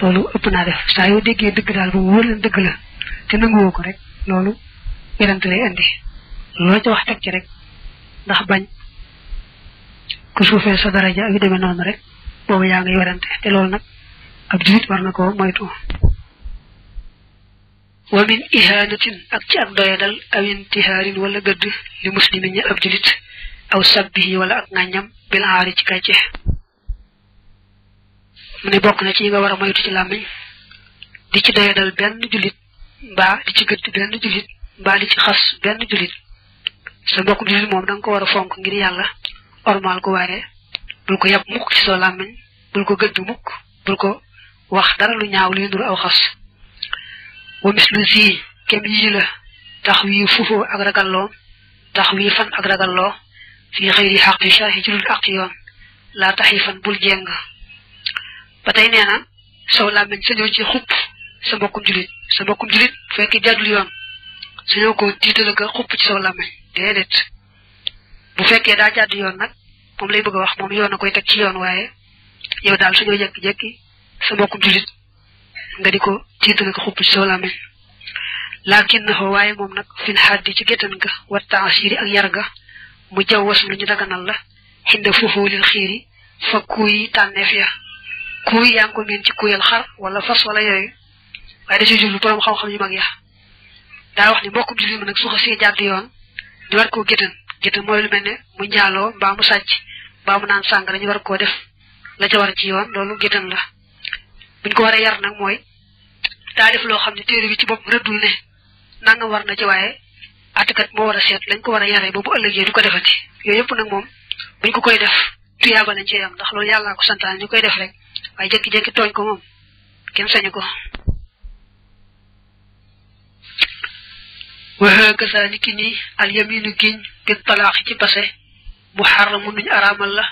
loolu ëpp naa def saa yoo déggee dëgg daal ba wóor leen dëgg la te nanguwoo ko rek loolu werante lay andi loo ca wax teg ci rek ndax bañ ku suufee sa daraja ak yu noonu rek boobu yaa ngi werante te loolu nag ab julit war na ko moytu wa min ihaanatin ak ci ak doyadal aw intihaarin wala gëdd li muslimin yi ab julit aw sabbihi wala ak ŋàññam bil aari ci kàcce mu bokk na ci yi nga war a moytu ci làmmiñ di ci doyadal benn jullit mbaa di ci gëdd benn jullit mbaa di ci xas benn jullit sa mbokk jullit moom danga ko war a fonk ngir yàlla ormaal ko waaye bul ko yab mukk ci soo làmmiñ bul ko gëdd mukk bul ko wax dara lu ñaaw luy nuru aw xas wa mislu zi kem yii la tax wii fufoo ak ragalloo tax wii fan ak ragalloo fii xëy di xaq yi ci dul ak yoon laa tax yi fan bul jeng ba tey nee na saw làmmiñ sañoo ci xupp sa mbokkum julit sa mbokkum julit bu fekkee jaadul yoon sañoo ko tiital ak xupp ci saw làmmiñ déedéet bu fekkee daa jaadu yoon nag moom lay bëgg a wax moom yoon na koy teg ci yoon waaye yow daal suñoo jekki-jekki sa mbokkum julit nga di ko tiital ak xupp ci saw làmmiñ laakin na xoo waaye moom nag fil xaddi ci géttan ga wa taasiri ak yar ga mu jaw was lu ñu daganal la xinda foofu lil xiiri kuy yaa ngi ko miin ci kuyal xar wala fas wala yooyu waaye da ciy jublu borom xam-xam yu mag ya daa wax ni mbokkum jullit ma ko see jàdd yoon ñu war koo géttan géttan lu mel ne mu njaaloo mbaa mu sàcc mbaa mu naan sàng dañu war koo def la ca war ci yoon loolu géttan la buñ ko war a yar nag mooy daa def loo xam ne téere bi ci bopp rëddul ne nangam war na ci waaye àttekat moo war a seet lañ ko war a yaree ba bu ëllëgee du ko defati yooyu yëpp nag moom buñ ko koy def tuyaaba lañ cee ndax loolu yàllaa ko santaan ñu koy def rek waaye jékki-jékki tooñ ko moom kenn sañu ko waxaakasa ni ki nii al yaminu giñ bi ci pase mu xarra mu nuñ araamal la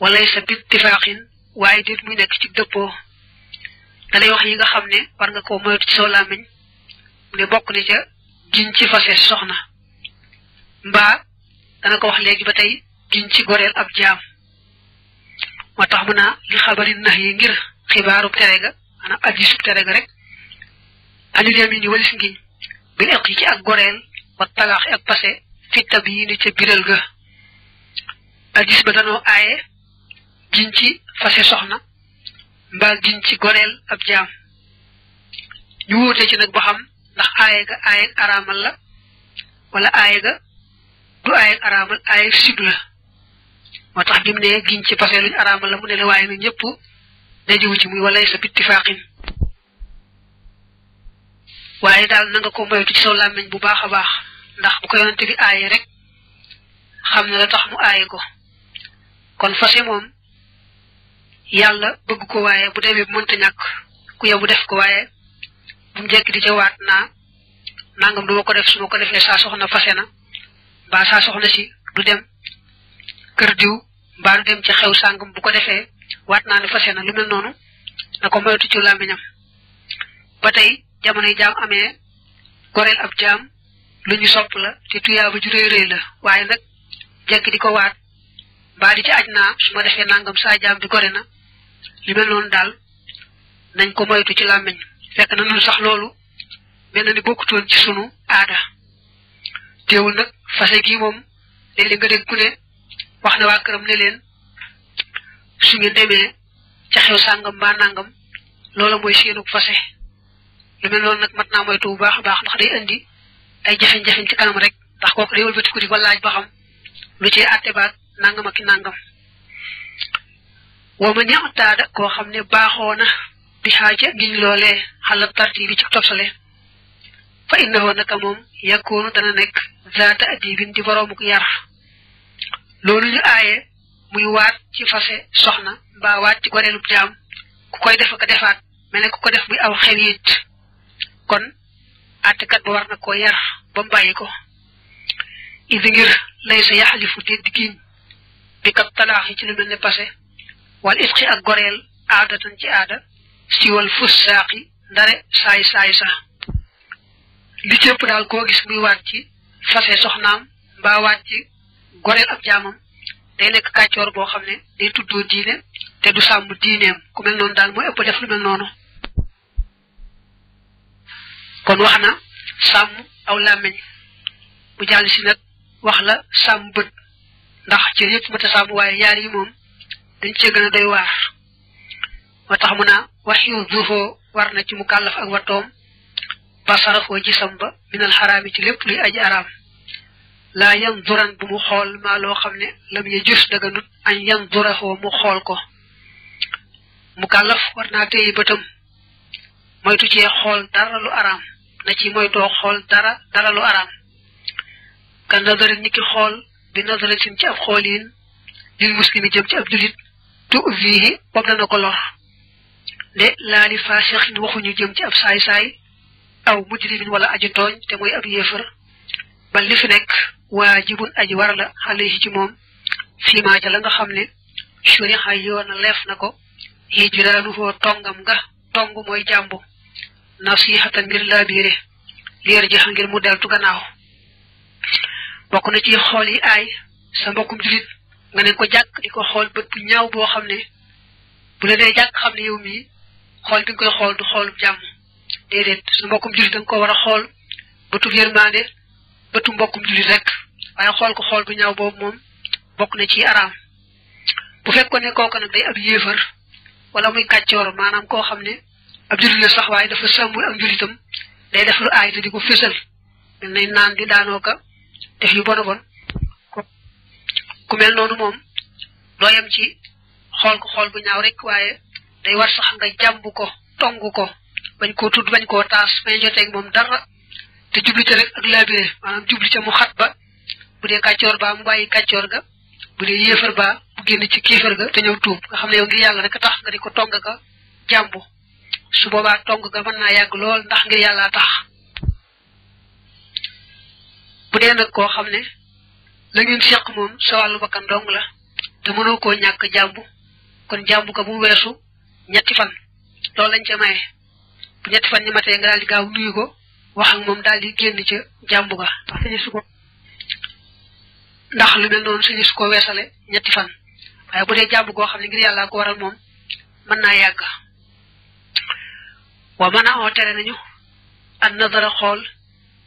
walay sa bit tifaaxin waaye déet muy nekk ci dëppoo da wax yi nga xam ne war nga koo moytu ci soo làmmiñ mu ne bokk ni ca giñ ci fase soxna mbaa dana ko wax léegi ba tey giñ ci goreel ab jaam moo tax mu naa li xabari nax yi ngir xibaaru tere ga maanaam ak gisub tere ga rek anil yamin yi walis ngiñ bil eq ci ak goreel wa talaax ak passé fi bi yi ni ca biral ga addis ba danoo aaye jiñ ci fase soxna mbaa jiñ ci goreel ab jaam ñu wóotee ci nag ba xam ndax aaye ga aaye araamal la wala aaye ga du aaye araamal aaye sib la moo tax bi mu ne giñ ci pase luñu araamal la mu ne la waaye nag ñëpp dajewu ci muy walay sa bittifaaqin waaye daal na nga ko moytu ci saw làmmiñ bu baax a baax ndax bu ko yonante bi aaye rek xam ne la tax mu aaye ko kon fase moom yàlla bëgg ko waaye bu demee bu mënta ñàkk ku yow bu def ko waaye bu mu jekk di ca waat naa nangam du ma ko def suma ko defee saa soxna fase na mbaa saa soxna si du dem kër diw mbaa nu dem ci xew sàngam bu ko defee waat naa ne fase na lu mel noonu na ko moytu ci làmmiñam ba tey jamonoy jaam amee goreel ab jaam lu ñu sopp la te tuyaaba ju réy réy la waaye nag jekk di ko waat mbaa di ci aj naa su ma defee nangam saa jaam bi gore na li mel noonu daal nañ ko moytu ci làmmiñ fekk na nun sax loolu mel na ni bokkutoon ci sunu aada teewul nag fase gi moom léeg-léeg nga dégg ku ne wax na waa këram ne leen su ngeen demee ca xew sàngam mbaa nangam loola mooy seenu fase lu mel noonu nag mat naa moytu bu baax a baax ndax day indi ay jafe-jafe ci kanam rek ndax kooku day wëlbati ko di ko laaj ba xam lu ci àtte baag nangam ak i nangam. wa ma neex taada koo xam ne baaxoo na bi xaaja giñ loolee xalal tarti bi ci topsale fa innahu naka moom yakkoonu dana nekk zaata adibin di boroomu yar. loolu ñu aaye muy waat ci fase soxna mbaa waat ci goreelub jaam ku koy def ak defaat mel ku ko def muy aw xewit kon àttekat ba war na koo yar ba mu bàyyi ko idi ngir lay sa yaxalifu te diggiñ bi kat talaax yi ci lu mel ne passé wala isqi ak goreel aadatan ci aada siwal fus saaqi ndare saay saay sa li cëpp daal koo gis muy waat ci fase soxnaam mbaa waat ci goreel ab jaamam day nekk kàccoor boo xam ne day tuddoo diine te du sàmm diineem ku mel noonu daal mooy ëpp def lu mel noonu kon wax na sàmm aw làmmiñ bu jàll si nag wax la sàmm bët ndax ci yëpp mata sàmm waaye yaar yi moom dañ cee gën a doy waar moo tax mu naa wax yu zuufoo war na ci mu kàllaf ak watoom basarafoo gisam ba minal xaraam yi ci lépp luy aji araam laa yanduran bu mu xool maa loo xam ne lam ya jus añ an yanduraxoo mu xool ko mu kàllaf war naa téye bëtam moytu cee xool dara lu araam na ci moytoo xool dara dara lu araam kan nazarin ñi ki xool bi nazaratin ci ab xooliin lil muslimi jëm ci ab julit tu viihi bopp dana ko lor de laali faasixin waxuñu jëm ci ab saay-saay aw mujrimin wala aju tooñ te mooy ab yéefar ba li fi nekk waajibun aji war la alayhi ci moom fiima ca la nga xam ne shuriha yoona leef na ko hijraanuhoo tongam nga tong mooy jàmbu nasihatan ngir laa biire leer jeexa ngir mu deltu gannaaw bokk na ci xool yi ay sa mbokkum julit nga ne ko jàkk di ko xool bët bu ñaaw boo xam ne bu la dee jàkk xam ne yow xool bi koy xool du xool jàmm déedéet sa mbokkum julit da nga ko war a xool bëtub yërmaande bëtu mbokkum jullit rek waaye xool ko xool bu ñaaw boobu moom bokk na ci araam bu fekkoon ne kooku nag day ab yéefar wala muy kàccoor maanaam koo xam ne ab jullit la sax waaye dafa sàmmul am jullitam day def lu aay te di ko fésal mel nay naan di daanoo ka def yu bon a bon ku mel noonu moom doo yem ci xool ko xool bu ñaaw rek waaye day war sax nga jàmb ko tong ko bañ koo tudd bañ koo taas bañ joteeg moom dara te jubli ca rek ak laabire maanaam jublu ca mu xat ba bu dee kàccoor baa mu bàyyi kàccoor ga bu dee yéefar baa mu génn ci kéefar ga te ñëw tuub nga xam ne yow ngir yàlla rek tax nga di ko tong ka jàmbu su boobaa tong ka man naa yàgg lool ndax ngir yàlla tax bu dee nag koo xam ne la ngeen seq moom sa wàllu bakkan dong la te mënoo koo ñàkk jàmb kon jàmb ko bu weesu ñetti fan loolu lañ ca bu ñetti fan ñu matee nga daal di gaaw nuyu ko wax ak moom daal di génn ca jàmbu ga ndax sañu su ko ndax lu mel noonu sañu su ko weesale ñetti fan waaye bu dee jàmbu goo xam ne ngir yàlla ko waral moom mën naa yàgg wa mën a oo tere nañu na dara xool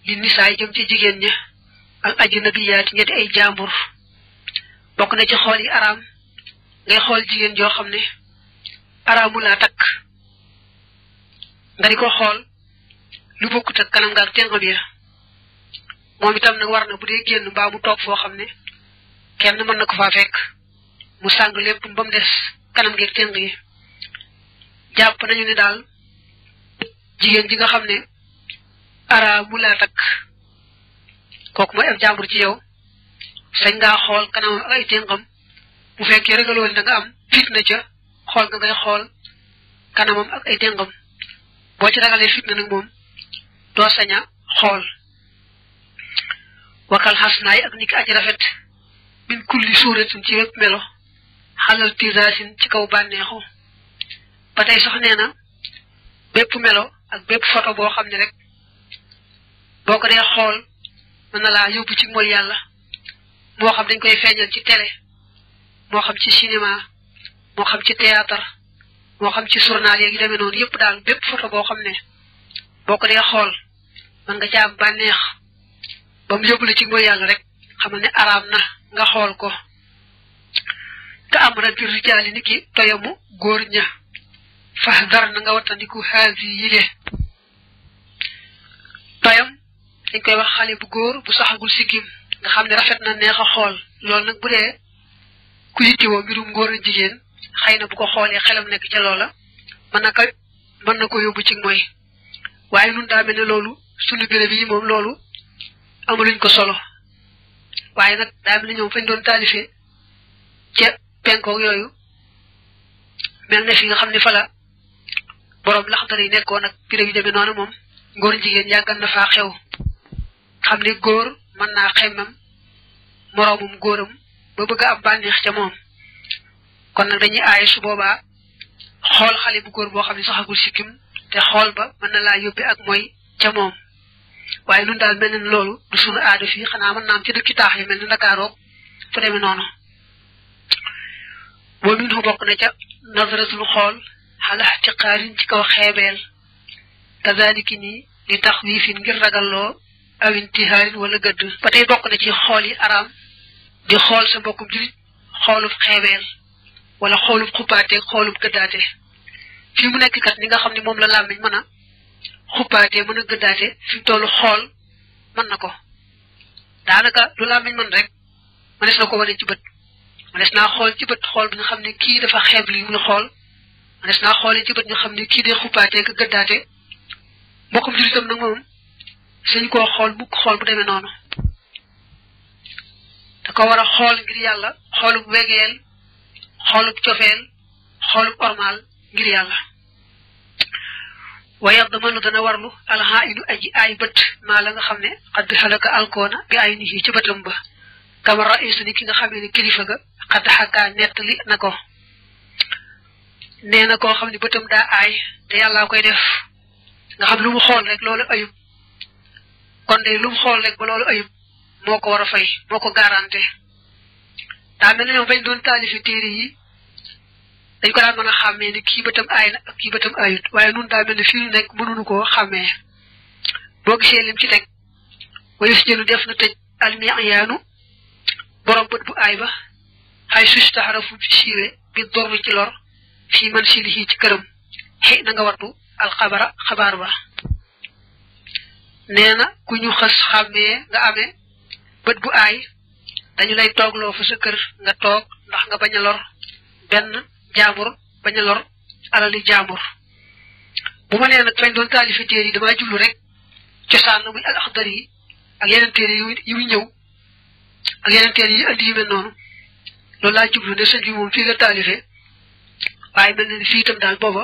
li nisaay jëm ci jigéen ña al ajnabiyaati ñetti ay jàmbur bokk na ci xool yi araam ngay xool jigéen joo xam ne araamu laa takk nga di ko xool lu bokkut ak kanam gaak tenq bi moom itam nag war na bu dee génn mbaa mu toog foo xam ne kenn mën na ko faa fekk mu sàng lépp ba mu des kanam geeg tenq yi jàpp nañu ne daal jigéen ji nga xam ne ara mu laa takk kooku mooy ab ci yow sañ ngaa xool kanam ak ay tenqam bu fekkee ragalool da nga am fitna ca xool nga ngay xool kanamam ak ay tenqam boo ci ragalee fitna nag moom doo xool wakal xas naay ak ni ki aji rafet min kulli suuratin ci wépp melo xalal tisaasin ci kaw bànneexu ba tey sax na bépp melo ak bépp photo boo xam ne rek boo ko dee xool mën na laa yóbbu ci mooy yàlla moo xam dañ koy feeñal ci télé moo xam ci cinéma moo xam ci théâtre moo xam ci journal yeeg yu demee noonu yëpp daal bépp photo boo xam ne boo ko dee xool mën nga ca am bànneex ba mu yóbbu la ci mooy yàlla rek xamal ne araam na nga xool ko ka am rati rijaali ni ki toyamu góor ña fax dara na nga wattandiku xaasi yile toyam dañ koy wax xale bu góor bu saxagul sikkim nga xam ne rafet na neex a xool loolu nag bu dee ku yittewoo mbirum ngóor a jigéen xëy na bu ko xoolee xelam nekk ca loola man na ko mën na ko yóbbu ci moy waaye nun daa mel ne loolu sunu béréb yi moom loolu amuluñ ko solo waaye nag daa mel ne ñoom fañ doon taalifee ca penkoog yooyu mel ne fi nga xam ne fala boroom laxdar yi nekkoon ak béréb yi demee noonu moom ngóor jigéen yàggan na faa xew xam ne góor mën naa xemmam moroomum góoram ba bëgg am bànneex ca moom kon nag dañuy aaye su boobaa xool xale bu góor boo xam ne saxagul sikkim te xool ba mën na laa yóbbee ak mooy ca moom waaye nun daal mel ne loolu du sunu aada fii xanaa mën naa am ci dëkki taax yi mel ne Ndakaaroog fu demee noonu boo min xu bokk na ca nazaratul xool xalax ci xaarin ci kaw xeebeel kazaliki nii li tax wii fi ngir ragalloo ti intihaarin wala gëdd ba tey bokk na ci xool yi araam di xool sa mbokkum julit xoolub xeebeel wala xoolub xuppaate xoolub gëddaate fii mu nekk kat li nga xam ne moom la làmmiñ mën a xuppaatee mën a gëddaatee fi mu toll xool mën na ko daanaka lu làmmiñ mën rek mënees na ko wane ci bët mënees naa xool ci bët xool bi nga xam ne kii dafa xeeb li muy xool mënees naa xoolee ci bët nga xam ne kii day xuppaatee ka gëddaatee mbokkum jullitam nag moom suñ koo xool mukk xool bu demee noonu da ko war a xool ngir yàlla xoolub wegeel xoolub cofeel xoolub ormaal ngir yàlla waaye dama nu dana warlu alxaa idu aji ay bët maa la nga xam ne xadd xalaka alkoona bi ay nit yi ci bëtam ba kama raisu ni ki nga xam ne kilifa ga xadd xakaa nettali na ko nee na koo xam ne bëtam daa aay te yàllaa koy def nga xam lu mu xool rek loolu ayub kon de lu xool rek ba loolu ayub moo ko war a fay moo ko garanté daa mel ne bañ doon taalifi téere yi dañ ko daan mën a xàmmee ni kii bëtam ay na ak kii bëtam aayut waaye nun daa mel ne fii nu nekk mënuñu koo xàmmee boo gisee lim ci teg wayu si jëlu def na tëj almiyaanu borom bët bu aay ba xay suus taxarafu bi ci lor fii man silihi ci këram xëy na nga wartu alxabara xabaar ba nee na ku ñu xës xàmmee nga amee bët bu aay dañu lay toogloo fa sa kër nga toog ndax nga bañ a lor benn jaambur bañ a lor alali jaambur bu ma nee nag lañ doon taalifi yi damaa jublu rek cosaan muy al axdar yi ak yeneen téere yu muy ñëw ak yeneen téere yi andi yu mel noonu loolu jublu ne sëñ bi moom fii la taalife waaye mel na ni fii itam daal booba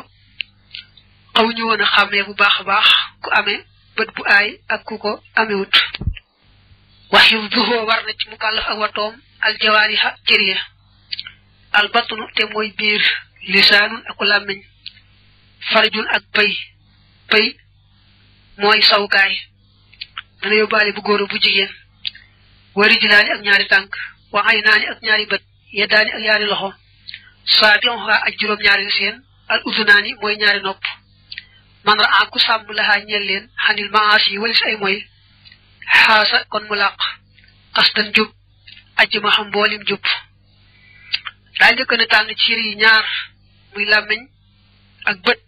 xawuñu woon a xàmmee bu baax a baax ku amee bët bu aay ak ku ko amewut wax yu bu war na mu kàllaf ak watoom aljawaariha cëriya albatnu te mooy biir lisaanun ak làmmiñ farjun ak pëy pëy mooy sawkaay dana yóbbaale bu góor bu jigéen warijlaani ak ñaari tànk waxay naani ak ñaari bët yeddaani ak ñaari loxo saabiuhaa ak juróom ñaari seen al udunaani mooy ñaari nopp man raa ku sàmm laxaa ñeel leen xanil maas yi walis ay mooy xaasa kon mu làq xasdan jub ajjuma xam mboolim jub daa njëkk na tànn ciir yi ñaar muy làmmiñ ak bët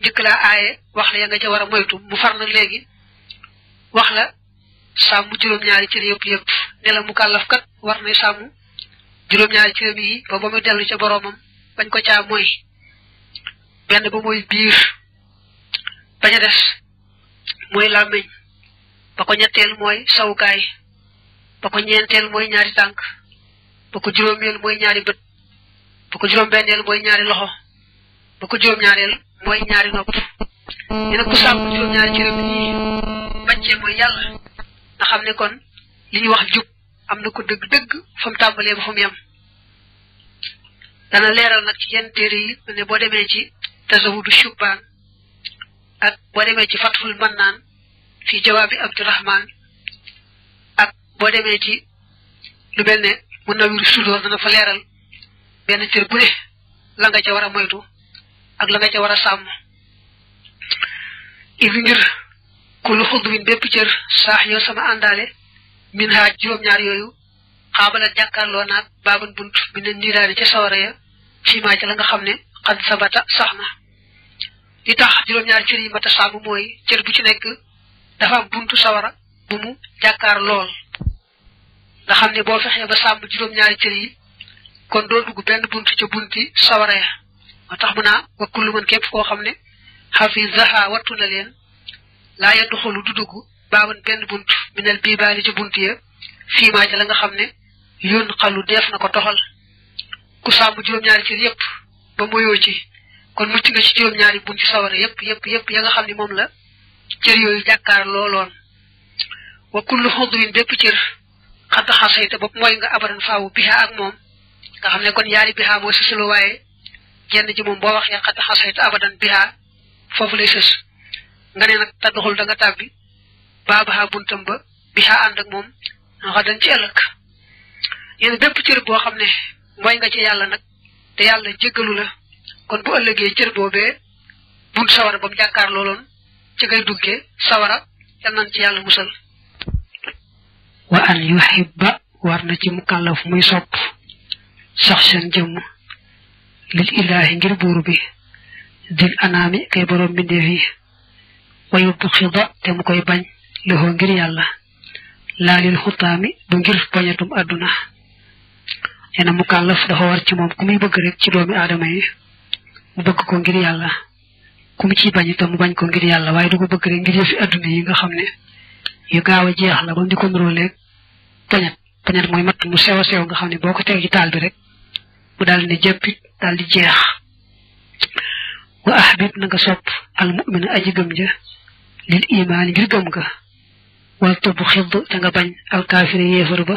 njëkk laa aaye wax la ya nga ca war a moytu mu far nag léegi wax la sàmm juróom-ñaari cër yëpp yëpp ne la mu kàllaf kat war na sàmm juróom-ñaari cër yi ba ba mu dellu ca boroomam bañ ko caa mooy benn ba mooy biir bañ a des mooy làmmiñ ba ko ñetteel mooy sawukaay ba ko ñeenteel mooy ñaari tànk ba ko juróomeel mooy ñaari bët bu ko juróom-benneel mooy ñaari loxo bu ko juróom-ñaareel mooy ñaari nopp ñu ne ku sàmm juróom-ñaari cëram yi bàccee mooy yàlla nga xam ne kon li wax jub am na ko dëgg-dëgg fa mu tàmbalee ba fa mu dana leeral nag ci yenn téere yi ne boo demee ci tasawudu shubbaan ak boo demee ci fatful mannaan fii jawaabi abdurahman ak boo demee ci lu mel ne mu nawiru sudoor dana fa leeral benn cër bu ne la nga ca war a moytu ak la nga ca war a sàmm indi ngir ku lu xud bépp cër saax yow sama àndaale min haaj juróom-ñaar yooyu xaabala jàkkaarloo naag baaban bunt bi ne niiraani ca sawara ya fii ca la nga xam ne xad sabata sax na li tax juróom-ñaari cër yi mata sàmm mooy cër bu ci nekk dafa bunt sawara bu mu jàkkaar lool nga xam ne boo fexee ba sàmm juróom-ñaari cër yi kon doo dugg benn bunt ca bunti sawara ya moo tax mu naa wa kullu man képp koo xam ne xafizaha wattu na leen laa yadduxulu du dugg baaban benn bunt minal bii baali ca bunt ya fiimaa ja la nga xam ne yoon xalu def na ko toxal ku sàmm juróom-ñaari cër yépp ba moyoo ci kon mucc nga ci juróom-ñaari bunti sawara yépp yépp yépp ya nga xam ne moom la cër yooyu jàkkaar looloon wa kullu xudrin bépp cër xadd xasayte bopp mooy nga abaran faawu biha ak moom nga xam ne kon yaari bihaa moo sësaloo waaye jenn ji moom boo waxee xat xasaytu abadan bihaa foofu lay sës nga ne nag tadduxul da nga tàbbi baa bahaa buntam ba bihaa ànd ak moom xadan ci ëllëg yéen bépp cër boo xam ne mooy nga ci yàlla nag te yàlla jéggalu la kon bu ëllëgee cër boobee bunt sawara ba mu jàkkaar looloon ci ngay duggee sawara yal nañ ci yàlla musal wa an yuhibba war na ci mukallaf muy sopp sax seen jëmm lil ilaahi ngir buur bi dil anaami kay boroom mbindeef yi wayu buxida te mu koy bañ loxoo ngir yàlla laalil xutaami du ngir bañatum àdduna nee na mu kàllaf dafa war ci moom ku bëgg rek ci doomi aadama yi mu bëgg ko ngir yàlla ku mu ciy bañ bañ ko ngir yàlla waaye du ko bëgg rek ngir yëfi àdduna yi nga xam ne yu gaaw a jeex la ba di ko nuróoleeg pañat pañat mooy matt mu sew a nga xam ne boo ko teg ji taal bi rek bu daal ne jàppit daal di jeex wa ahbib na nga sopp almumina aji gëm ja lil imaan ngir gëm ga wal tobb xidd te nga bañ alkaafire yéefar ba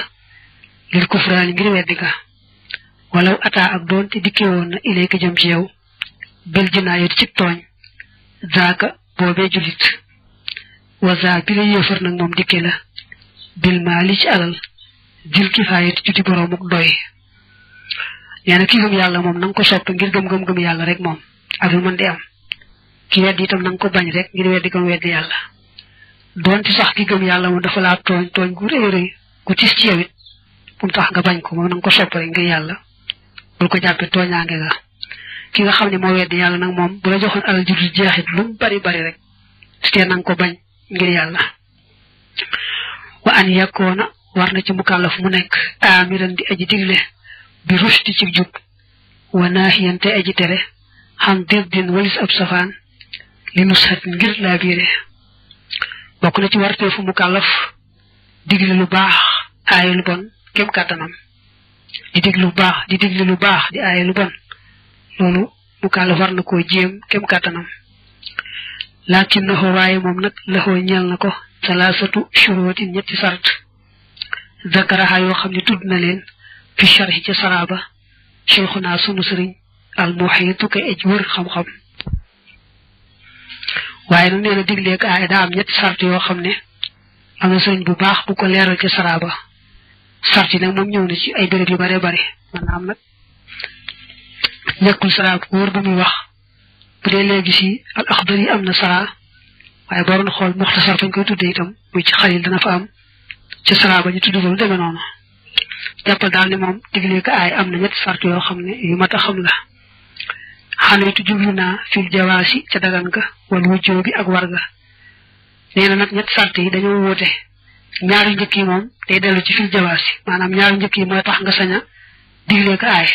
lil kufraan ngir weddi ga walaw ataa ak doon te dikkee woon na jëm ci yow bel jinaayat ci tooñ zaaka boobee julit wa zaa bi yéefar nag moom dikkee la bil maali ci alal dil kifaayat juti boroomuk doy nee kii gëm yàlla moom na ko sopp ngir gëm-gëm gëm yàlla rek moom ak lu mën am ki weddi itam na nga ko bañ rek ngir weddi gëm weddi yàlla doon ci sax ki gëm yàlla moom dafa laa tooñ tooñ gu rëy rëy gu tis ci yow it tax nga bañ ko moom na ko sopp rek ngir yàlla bul ko jàppee tooñaange nga ki nga xam ne moo weddi yàlla nag moom bu la joxoon alal ji du jeexit lu bari bari rek su tee na ko bañ ngir yàlla wa an yàkkoona war na ci mukallaf mu nekk aamiran di aji digle bi rushti ci jub wa naahiyan te aji tere xam dirdin walis ab safaan li nusxat ngir laa bokk na ci warteefu mu kàllaf digle lu baax aaye lu bon kem kàttanam di digle lu baax di digle lu baax di aaye lu bon loolu mu kàllaf war koo jéem kem kàttanam laakin na xoo moom nag la xoo na ko salaasatu shuruutin ñetti sart zakaraxa yoo xam ne tudd na leen fi sharhi ci saraaba cheikhuna sunu sëriñ al muhiitu ka ej wër xam-xam waaye nag nee na digleeg aay daa am ñetti sart yoo xam ne am na sëriñ bu baax bu ko leeral ci saraaba sart yi nag moom ñëw na ci ay béréb yu bare bare am nag nekkul saraab wóor bu muy wax bu dee léegi si al axbar am na sara waaye boo doon xool muxtasar fañ koy tuddee itam muy ci xalil dana fa am ci saraaba ñu tudd fa lu demee noonu jàppal daal ne moom diglee ko aay am na ñetti sart yoo xam ne yu mat a xam la xaleetu jublu naa fil jawaasi ca dagan ga wal wujjoo bi ak war ga nee na nag ñetti sart yi dañoo wóote ñaari njëkk yi moom day dellu ci fil jawaasi maanaam ñaari njëkk yi mooy tax nga saña diglee ko aay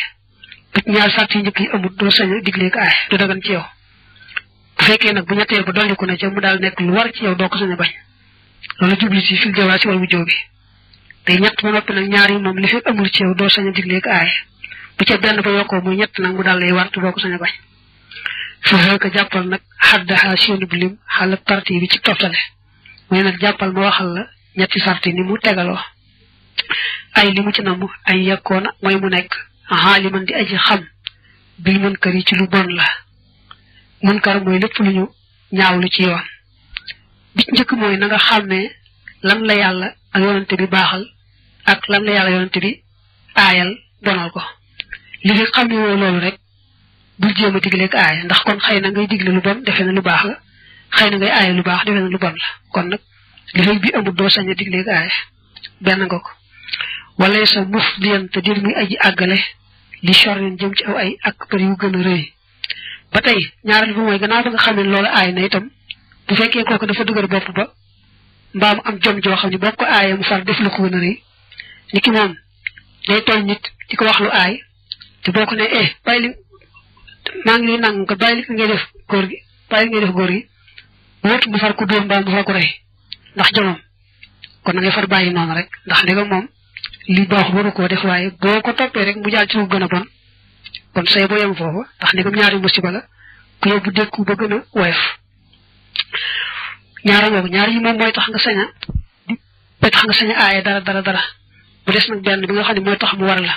bu ci ñaari yi njëkk yi amul doo saña diglee ko aay du dagan ci yow bu fekkee nag bu ñetteel ba dolliku na ca mu daal nekk lu war ci yow doo ko saña bañ loolu jublu ci fil jawaasi wal wujjoo bi te ñett ba noppi nag ñaar yi moom li fi amul ci yow doo sañ a digleeg aay bu ca benn ba yokkoo muy ñett nag mu daal lay wartu doo ko sañ a bañ su jàppal nag xaddaxaa séenu bu lim xala bi ci toftale mooy jàppal ma waxal la ñetti sarti ni mu tegaloo ci namm ay yekkoona mooy mu nekk a man di aji xam bil munkar yi ci lu bon la munkar mooy lépp lu ñu ñaawlu ci yoon bi njëkk mooy na nga xàmmee lan la yàlla la yonante bi baaxal ak lan la yàlla yonante bi aayal donal ko li nga xam ne woo loolu rek bul jéem a digle ak aaya ndax kon xëy na ngay digle lu bon defe na lu baax la xëy na ngay aaya lu baax defe na lu bon la kon nag li fekk bi amul doo sañ a digle ak aaya benn nga ko wala sa muf diyan te dir muy aji àggale li chorrin jëm ci aw ay ak për yu gën a rëy ba tey ñaareel bi mooy gannaaw ba nga xam ne loolu aay na itam bu fekkee kooku dafa dugal bopp ba mbaa mu am jom joo xam ne boo ko aayee mu far def lu ko gën a rëy ni ki moom day tooñ nit di ko wax lu aay te boo ko ne eh bàyyi li maa ngi lay nangu nga bàyyi li def góor gi bàyyi li ngay def góor gi wóotu mu far ko dóor mbaa mu far ko rey ndax jomam kon na ngay far bàyyi noonu rek ndax ndegam moom li baax waru koo def waaye boo ko toppee rek mu jàll ci lu gën a bon kon say boo yem foofu ndax ndegam ñaari musiba la ku yóbbu dëkku ba gën a ñaara googu ñaar yi moom mooy tax nga sañ mooy tax nga sañ a aaye dara dara dara bu des nag benn bi nga xam ne mooy tax mu war la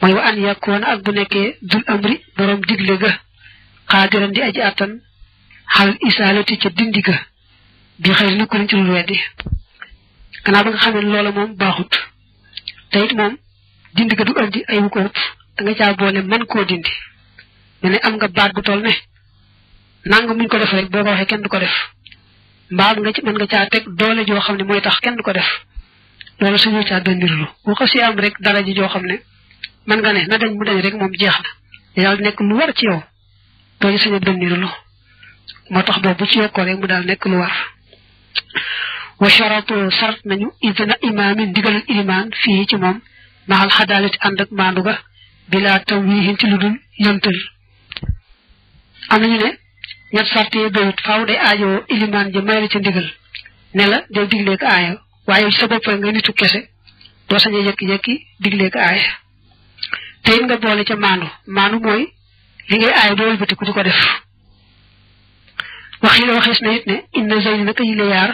mooy wa an yàkkoon ak bu nekkee dul amri borom digle ga xaadiran di aji àttan xal isaalati ca dindi ga bi xëy na ku ci dul weddi gannaaw ba nga xam ne loola moom baaxut te it moom dindi ga du andi ay wu danga ëpp da nga koo dindi mu ne am nga baat bu toll ne. nangam muñ ko def rek boo ko waxee kenn du ko def mbaam nga ci mën nga teg doole joo xam ne mooy tax kenn du ko def loolu suñu caa dandirlu bu ko si am rek dara ji joo xam ne mën nga ne na dañ mu dañ rek moom jeex na daal nekk lu war ci yow doo ci sañ a dandirlu moo tax boobu bu ci rek daal nekk lu war wa sharatu sart nañu idna imaamin ndigalal imaan fii ci moom maxal xadaalati ànd ak maandu ga bilaa taw wiihin ci lu dul yëntal am nañu ne ñett sart yi doyut faaw day aajoo ilimaan ji may la ca ndigal ne la del digleeg aaya waaye ci sa bopp nga nitu kese doo sañ a yëkki digle ko aaya te nga boole ca maanu maanu mooy li ngay aaya doo wëlbatiku di ko def wax yi la waxees na it ne inna zeyni naka yi yaar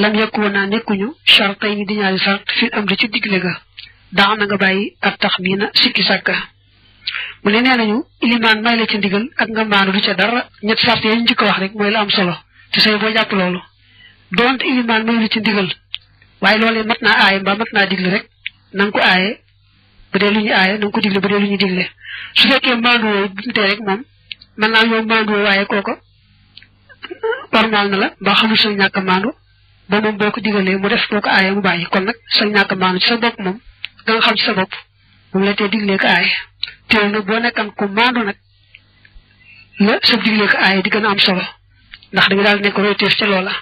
lam yekku woon naa nekkuñu sart tey ni di ñaari sart fi am di ci digle ga daax na nga bàyyi ak tax mii na sikki sàkka mu ne nee nañu ilimaan may la ci ndigal ak nga maanu du ca dara ñett sart yooyu njëkk wax rek mooy la am solo te sooy boo jàpp loolu doonte ilimaan may la ci ndigal waaye loolee mat naa aaye mbaa mat naa digle rek na ko aaye bu dee lu ñu ko digle bu dee ñu digle su fekkee maanduwoo duntee rek moom mën naa yow maanduwoo waaye kooko normal na la mbaa xamul sa ñàkk maandu ba moom boo ko digalee mu def boo ko mu bàyyi kon nag sa ñàkk maandu ci sa bopp moom nga xam ci sa bopp moom la tee diglee ko aaye teewul na boo nekkan ku maandu nag la sa digle ko aaye di gën a am solo ndax da daal nekk royteef ca loola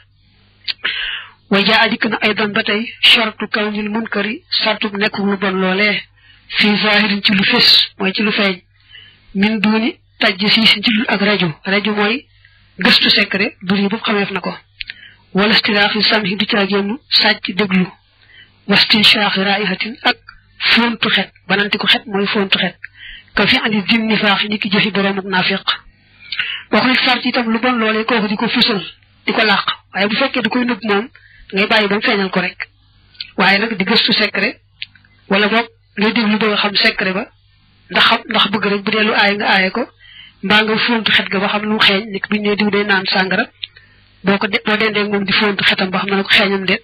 way jaa ajikk na ay ban ba tey chartu kawnil munkari sartub nekk lu bon loole fii zahirin ci lu fés mooy ci lu feeñ min duuni tajj sii si ci lu ak rajo rajo mooy gëstu secret duri boobu xameef na ko wala stiraaxi samhi du caa génn sàcc déglu wastin shaaxi raihatin ak foontu xet bananti ko xet mooy foontu xet ka fi andi din nifaax ni ki jëfi boroomuk naafiq waxul sar ci itam lu bon loolee kooku di ko fusal di ko làq waaye bu fekkee di koy nëbb moom ngay bàyyi ba mu feeñal ko rek waaye nag di gëstu secret wala boog ngay déglu ba nga xam secret ba ndax xam ndax bëgg rek bu dee lu aaye nga aaye ko mbaa nga fóontu xet ga ba xam lu mu xeeñ nit bu ñu diw day naan sàngara boo ko boo dendee moom di fóontu xetam ba xam na ko xeeñam de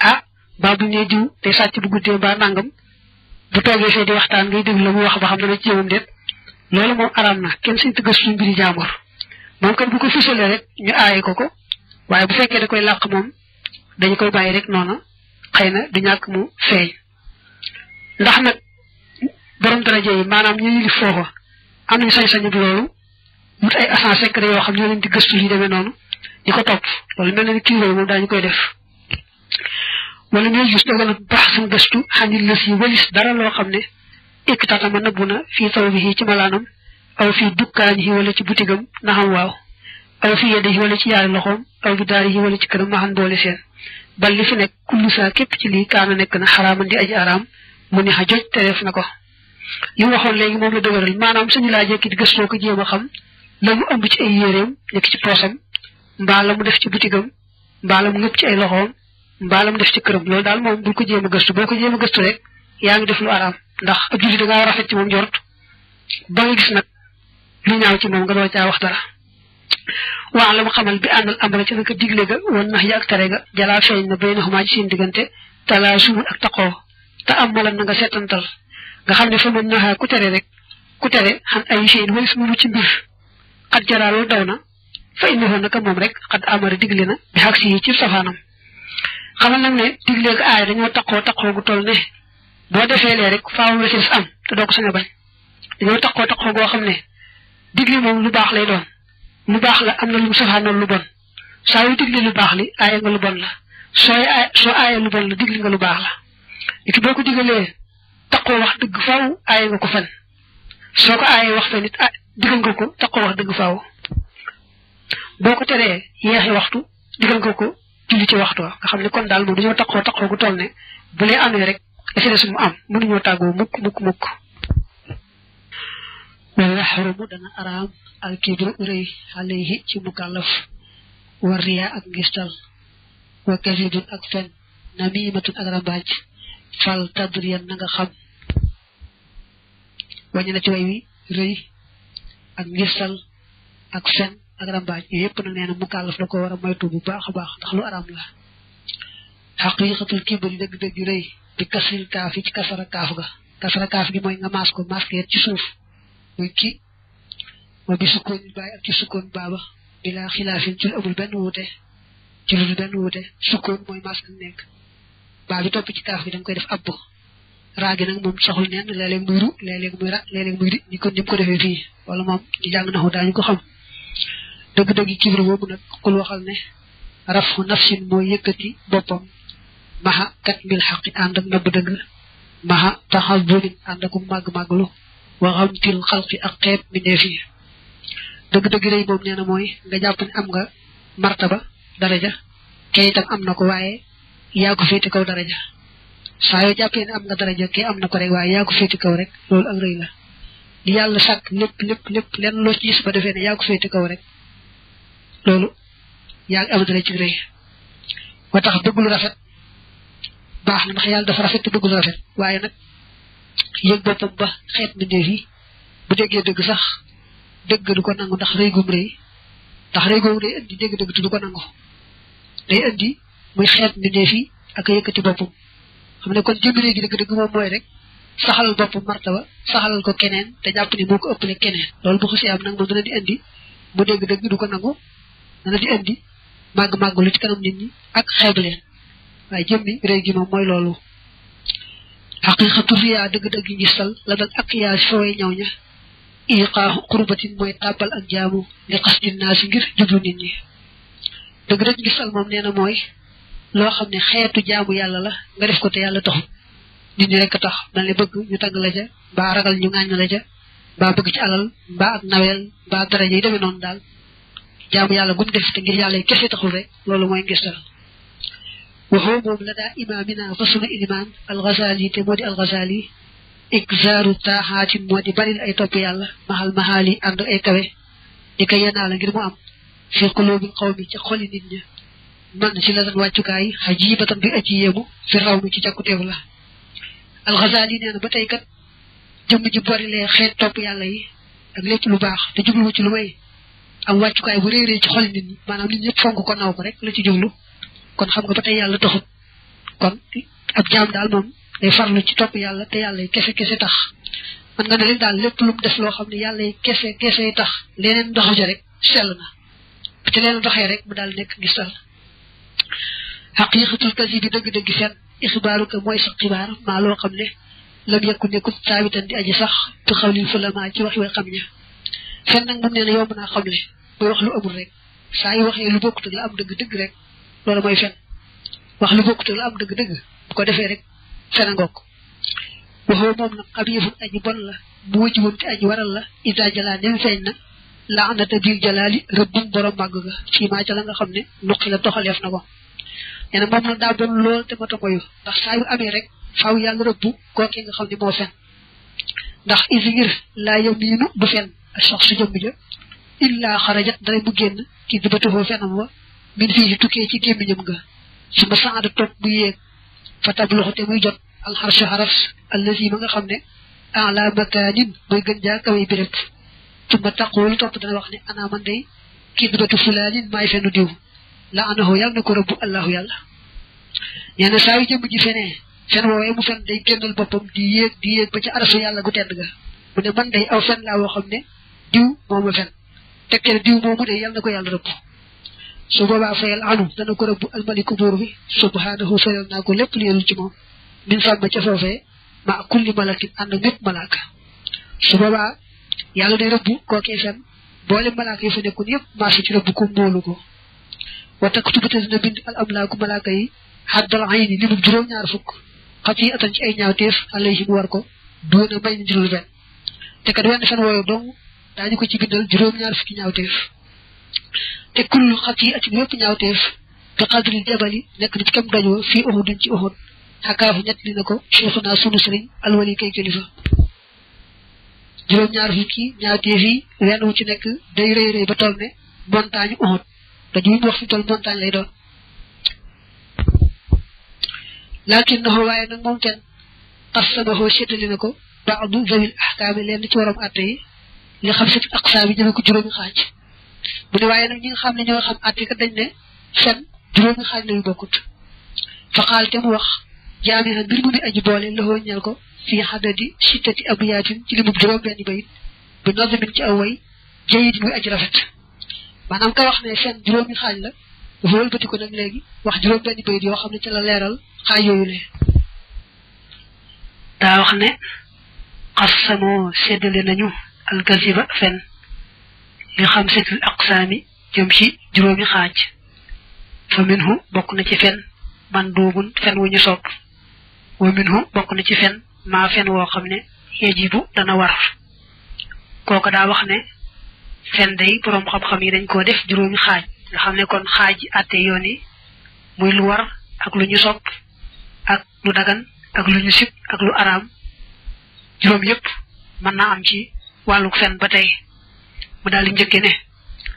ah baa bu ñu nee diw day sàcc bu guddee mbaa nangam bu toogee fee di waxtaan ngay déglu la muy wax ba xam dana ci jëmam déet loolu moom araam na kenn sañ tëgg suñu mbiri jaambur moom kat bu ko fësalee rek ñu aaye ko ko waaye bu fekkee da koy làq moom dañu koy bàyyi rek noona xëy na du ñàkk mu feeñ ndax nag yi maanaam ñu yilif foofa am nañu sañ-sañu bi loolu wut ay agents di gëstu li demee noonu di ko topp loolu mel na ni kii yooyu moom daañu koy def wala ñooy gis daganut baax suñ gëstu xanit lës yi walis dara loo xam ne iktatama nëbbu na fii taw bi ci malaanam aw fii dukkaan yi wala ci butigam naxam waaw aw fii yedde yi wala ci yaari loxoom aw bi daari yi wala ci këram naxam doole seen bal li fi nekk kullu saa képp ci lii kaana nekk na xaraaman di aji araam mu ne xa joj te def na ko li waxoon léegi moom la dëgëral maanaam suñu laajee kii gëstoo ko jéem a xam la mu ëmb ci ay yéreem nekk ci poosam mbaa mu def ci butigam mbaa mu ngëpp ci ay loxoom mbaalam def ci këram loolu daal moom bul ko jéem a gëstu boo ko jéem a gëstu rek yaa ngi def lu araam ndax ab jullit da ngaa rafet ci moom njort ba nga gis nag lu ñaaw ci moom nga doo caa wax dara waax la mu xamal bi àndal ambala ci naka digle ga woon nax ya ak tere ga na na xumaa ci seen diggante talaa sumul ak taqoo te amalan na nga seetantal nga xam ne fa mën naxaa ku rek ku tere xam ay feeñ way sumulu ci mbir xat jaraa daw na fa indoxoon naka moom rek xat amara digle na bi xag si ci safaanam xamal nag ne digleeg aay dañoo taqoo taqoo gu toll ne boo defee lee rek faaw la ci des am te doo ko sañ a bañ dañoo goo xam ne digle moom lu baax lay doon lu baax la am na lu mu safaanoon lu bon saa yu digle lu baax li aaye nga lu bon la soo aaye lu bon la digle nga lu baax la it boo ko digalee taqoo wax dëgg faaw aaye nga ko fan soo ko aayee wax fan it ah digal nga ko taqoo wax dëgg faaw boo ko teree yeexi waxtu digal nga ko julli ci waxtu nga xam ne kon daal moom dañoo taxoo taxoo gu toll ne bu lee amee rek la ci des mu am mënuñoo tàggoo mukk mukk mukk wala xarumu dana araam al kibru rëy alayhi ci mukallaf war ak ngistal wa kasidun ak fen namimatun ak rambaaj fal tadriyan na nga xam wàññi na ci way wi rëy ak ngistal ak fen ak rambaaj yooyu yëpp nag nee na mu kàllaf da ko war a moytu bu baax a baax ndax lu araam la xaqiiqatul kibri dëgg-dëgg yu rëy bi kasri kaaf yi ci kasara kaaf ga kasara kaaf gi mooy nga maas ko maas ko ci suuf muy ki ma bi sukkoon baay ak ci sukkoon baaba bilaa xilaafin ci lu amul benn wuute ci lu benn wuute sukkoon mooy maas ko nekk baa bi topp ci kaaf gi da koy def ab raa gi nag moom soxul neen léeg-léeg muy ru léeg muy ra léeg muy ri ñi kon ko defee fii wala moom ñu jàng naxu ko xam dëgg-dëgg kibir boobu nag xul waxal ne rafu nafsin mooy yëkkati boppam maxa kat mil xaqi ànd ak nëbb dëgg maxa taxal burin ànd akum màgg-màgglu waxam til xalqi ak xeeb mbindeef yi fi dëgg rëy boobu nee na mooy nga jàpp ne am nga martaba daraja kay itam am na ko waaye yaa ko kaw daraja saa yoo jàppee ne am nga daraja kay am na ko rek waaye yaa ko féete kaw rek loolu ak rëy la li yàlla sàkk lépp lépp lépp lenn loo ci gis ba defee ne yaa ko kaw rek loolu yaa ngi amatale ci rëy moo tax bëgg rafet baax na ndax yàlla dafa rafet te bëgg lu rafet waaye nag yëg boppam ba xeet mbindeef yi bu déggee dëgg sax dëgg du ko nangu ndax rëy gum rëy ndax rëy googu day indi dégg dëgg te du ko nangu day indi muy xeet mbindeef yi ak yëkkati boppam xam ne kon jëmmi rëy gi dëgg dëgg moom mooy rek saxalal boppam martaba saxalal ko keneen te jàpp ni moo ko ëppale keneen loolu bu xasee am nag moom dina di indi mu dégg dëgg du ko nangu dana ci indi màgg-màgg lu ci kanam nit ñi ak xeeb leen waaye jëmmi rëy gi moom mooy loolu xaqiqatu riyaa dëgg-dëgg yi sal la dal ak yaa sooy ñaw ña iqaaxu xurbatin mooy tàbbal ak jaamu li xasdin naa si ngir jublu nit ñi dëgg dëgg ngi sal moom nee mooy loo xam ne xeetu jaamu yàlla la nga def ko te yàlla taxul nit ñi rekk tax mel ne bëgg ñu tagg la ja mbaa ragal ñu ŋaañ la ja mbaa bëgg ci alal mbaa ak naweel mbaa daraja yi demee noonu daal jaamu yàlla gum def te ngir yàlla kese taxul rek loolu mooy ngistal waxoo moom la daa imaamina fa sunu te moo di alxasaali igzaaru taaxaatin moo di baril ay topp yàlla maxal maxaali ànd ay kawe di ko yenaa la ngir mu am fi quluubil qawmi ca xoli nit man si la tan wàccukaay xajiibatan bi aji yéemu fi raw nu ci càkkuteef la alxasaali nee na ba tey kat jëmm ji barilee xeet topp yàlla yi ak lépp lu baax te jubluwu ci lu may am wàccukaay bu réeree ci xol nit ñi maanaam nit fonk ko naw ko rek la ci jublu kon xam nga ba tey yàlla taxut kon ab jaam daal moom day farlu ci top yàlla te yàlla yi kese kese tax man nga ne leen daal lépp lu def loo xam ne yàlla yi kese kese tax leneen doxu ca rek sell na bu ci leen rek mu daal nekk gisal xaqiqatul kasi bi dëgg-dëgg seen ixibaaru ko mooy sa xibaar maa xam ne la yekku nekkul saabitan di aji sax tu xawlil fu la maa ci wax way xam ña fen nag mën nee na yomb naa xamle wax lu amul rek saa yu waxee lu bokkut ak la am dëgg-dëgg rek loolu mooy fen wax lu bokkut ak la am dëgg-dëgg bu ko defee rek fen a ngoog waxoo moom nag xabiifun aji bon la bu wëjibun te aji waral la ida jalaa nen feeñ na laanata biir jalaali rëbbum borom màgg ga fii maa ca la nga xam ne nuqi la toxaleef na ko nee na moom lool te mata moyu ndax saa yu amee rek faaw yàlla rëbbu kookee nga xam ne moo fen ndax isi ngir laa yamiinu du fen ash-shakhsu jëmm ja illaa xarajat dara bu génn ci dubatuhu fenam wa min ci tukkee ci gémmiñam nga su ma saada topp bu yéeg fa tabluxu te muy jot alxarsu xaras nga xam ne ala makaanin mooy gën jaa kawee bi rek suma taqul topp dana wax ne ana man day kii dubatu la anahu yàlla na ko rëbbu allahu yàlla na saa yu jëmm ji fenee fen woowee mu fen day génnal boppam di yéeg di yéeg ba ci arasu yàlla gu tedd ga mu ne man day aw fen laa woo xam ne diw moom la fen tekkee diw moomu de yàlla na ko yàlla rëbb su boobaa fayal anu dana ko rëbb almaliku buur bi subhanahu fayal naa ko lépp lu yelul ci moom min fàmma ca foofee ma kulli malakin ànd mépp malaaka su boobaa yàlla day rëbb ko fen boole malaaka yi fa nekkoon yëpp maasa ci rëbb ko móolu ko wa takk tubate dina bind al amlaaku malaaka yi xaddal ayni li mu juróom-ñaar fukk xat yi atan ci ay ñaawteef alayhim war ko doona may ni dirul fen te kat wenn fen wooyu dong daañu ko ci bindal juróom-ñaar fukki ñaawteef te kullu xatii'atin bépp ñaawteef bi qadri jabali nekk na ci kam dajoo fii Uhudin ci Uhud xakaafu ñett li na ko cheikhuna sunu sëriñ alwali kay kilifa juróom-ñaar fukki ñaawteef yi wenn wu ci nekk day rëy rëy ba toll ne montagne Uhud dañuy wax fi toll montagne lay doon laakin na xoo waaye nag moom kenn xas xoo séddali na ko baadu zawil ahkaami leen ci waram àtte li xam sati aqsaam yi jëme ko juróomi xaaj bu ne waaye nag ñi xam ne ñoo xam àtte ka dañ ne fen juróomi xaaj lañu bokkut fa xaal te mu wax jaami xan mbir mu ne aji boole loxoo ñel ko fii xadadi sittati abiyaatin ci li mu juróom benn ci aw way jayit muy aji rafet maanaam ka wax ne fen juróomi xaaj la dafa wëlbati ko nag léegi wax juróom benn bayit yoo xam ne ca la leeral xaaj yooyu ne daa wax ne xasamoo séddale nañu alkasiba fen li xamsatil aqsaami jëm ci juróomi xaaj fa minhu bokk na ci fen man duubun fen wu ñu sopp wa minhu bokk na ci fen maa fen woo xam ne yajibu dana war kooka daal wax ne fen day boroom xam-xam yi dañ koo def juróomi xaaj nga xam ne kon xaaj yi àtte yoon yi muy lu war ak lu ñu sopp ak lu dagan ak lu ñu sib ak lu araam juróom yépp mën naa am ci wàlluk fen ba tey mu daal di njëkke ne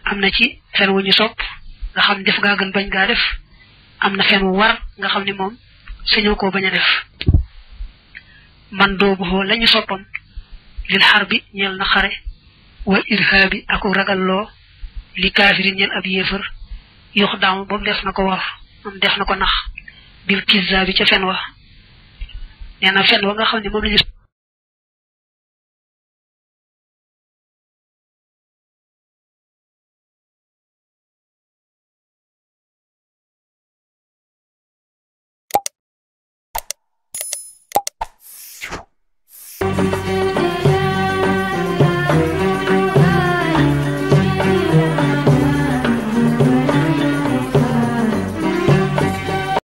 am na ci fen wu ñu sopp nga xam def gaa gën bañ gaa def am na fen wu war nga xam ne moom sañoo ko bañ a def man doobu xoo lañu soppam lil xar bi ñeel na xare wa irhaabi aku ragalloo li kaafiri ñeel ab yéefër yox daamu ba mu na ko war moom def na ko nax bil kizza bi ca fen wa nee fen wa nga xam ne moom lañu